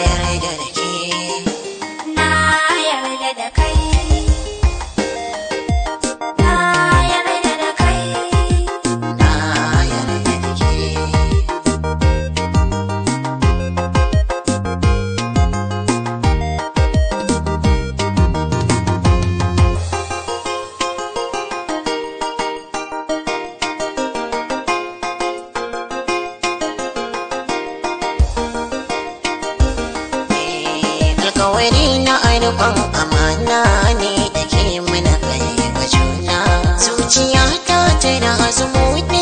yarda da ke alkawari na arban amana ne da ke mana bai juna zuciya ta tana zumu ne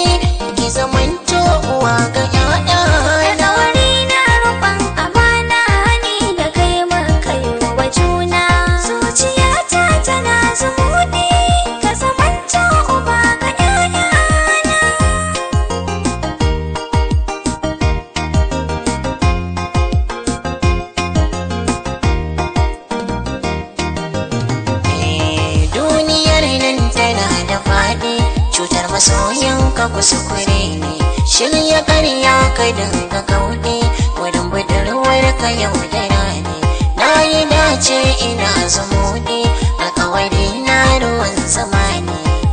ka kuskure ne shirya karya ka dinga kauɗe wurin budurwar ka yau da rani na yi dace ina zumuɗe a kawari na ruwan zamani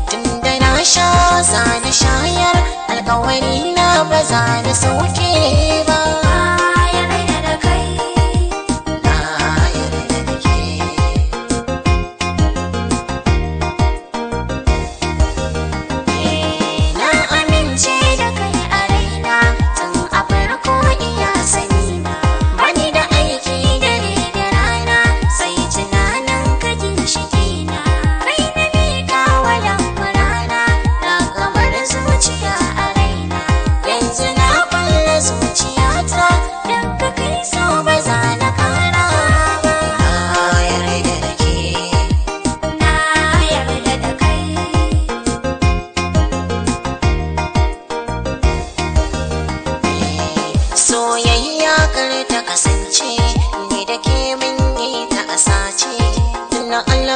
tun da na sha zane shayar alkawari na ba za na sauke ba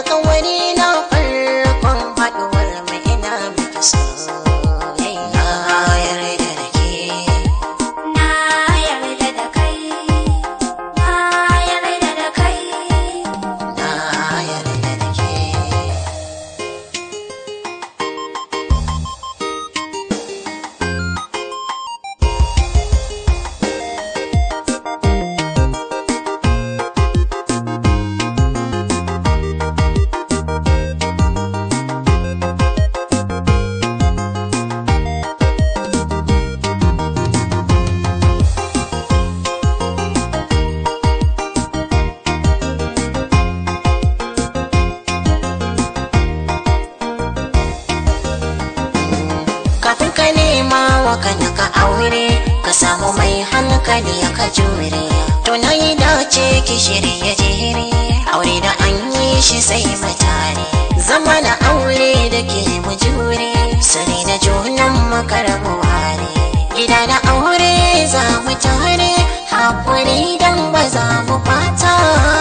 alƙawari na farkon haɗuwar mu ina miki so ka ka aure ka samu mai hankali ka jure to nayi da ce ki shirye jere aure da an yi shi sai matare zama da aure da ke mu jure sani da junan makarabu hare ina na aure za mu tare hakuri dan ba za mu fata